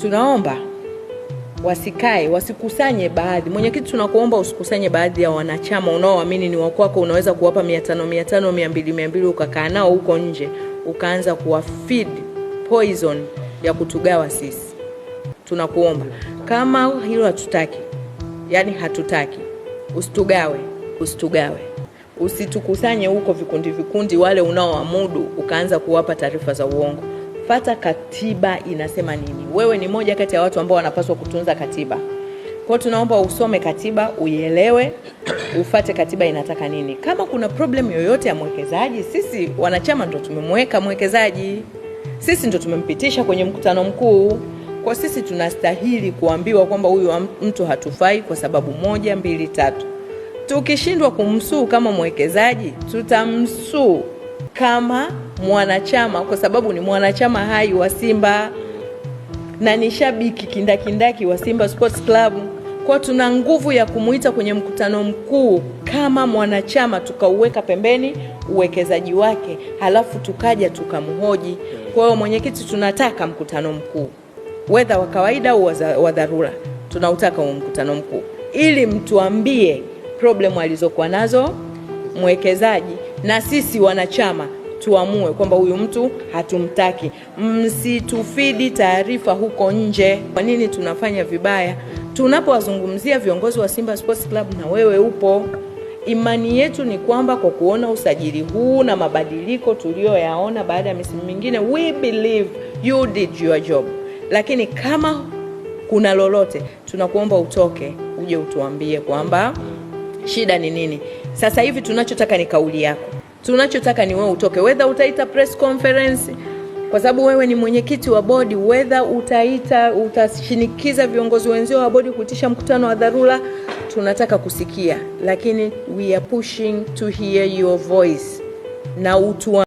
tunaomba wasikae wasikusanye baadhi. Mwenyekiti, tunakuomba usikusanye baadhi ya wanachama unaoamini ni wakwako, unaweza kuwapa mia tano mia tano mia mbili mia mbili ukakaa nao huko nje ukaanza kuwafeed poison ya kutugawa sisi. Tunakuomba kama hilo hatutaki, yani hatutaki, usitugawe, usitugawe, usitukusanye huko vikundi vikundi, wale unaoamudu ukaanza kuwapa taarifa za uongo. Fata katiba inasema nini. Wewe ni moja kati ya watu ambao wanapaswa kutunza katiba. Kwa tunaomba usome katiba, uielewe, ufate katiba inataka nini. Kama kuna problem yoyote ya mwekezaji, sisi wanachama ndo tumemweka mwekezaji, sisi ndo tumempitisha kwenye mkutano mkuu. Kwa sisi tunastahili kuambiwa kwamba huyu mtu hatufai kwa sababu moja, mbili, tatu. Tukishindwa kumsuu kama mwekezaji, tutamsuu kama mwanachama kwa sababu ni mwanachama hai wa Simba na ni shabiki kindakindaki wa Simba Sports Club. Kwa tuna nguvu ya kumuita kwenye mkutano mkuu kama mwanachama, tukauweka pembeni uwekezaji wake, halafu tukaja tukamhoji. Kwa hiyo, mwenyekiti, tunataka mkutano mkuu, wedha wa kawaida au wa dharura, tunautaka huo mkutano mkuu ili mtuambie problemu alizokuwa nazo mwekezaji na sisi wanachama tuamue kwamba huyu mtu hatumtaki. Msitufidi taarifa huko nje. Kwa nini tunafanya vibaya? Tunapowazungumzia viongozi wa Simba Sports Club, na wewe upo Imani yetu ni kwamba kwa kuona usajili huu na mabadiliko tuliyoyaona baada ya misimu mingine, we believe you did your job, lakini kama kuna lolote, tunakuomba utoke uje utuambie kwamba shida ni nini. Sasa hivi tunachotaka ni kauli yako. Tunachotaka ni wewe utoke, whether utaita press conference kwa sababu wewe ni mwenyekiti wa bodi, whether utaita utashinikiza viongozi wenzio wa bodi kuitisha mkutano wa dharura, tunataka kusikia, lakini we are pushing to hear your voice na utu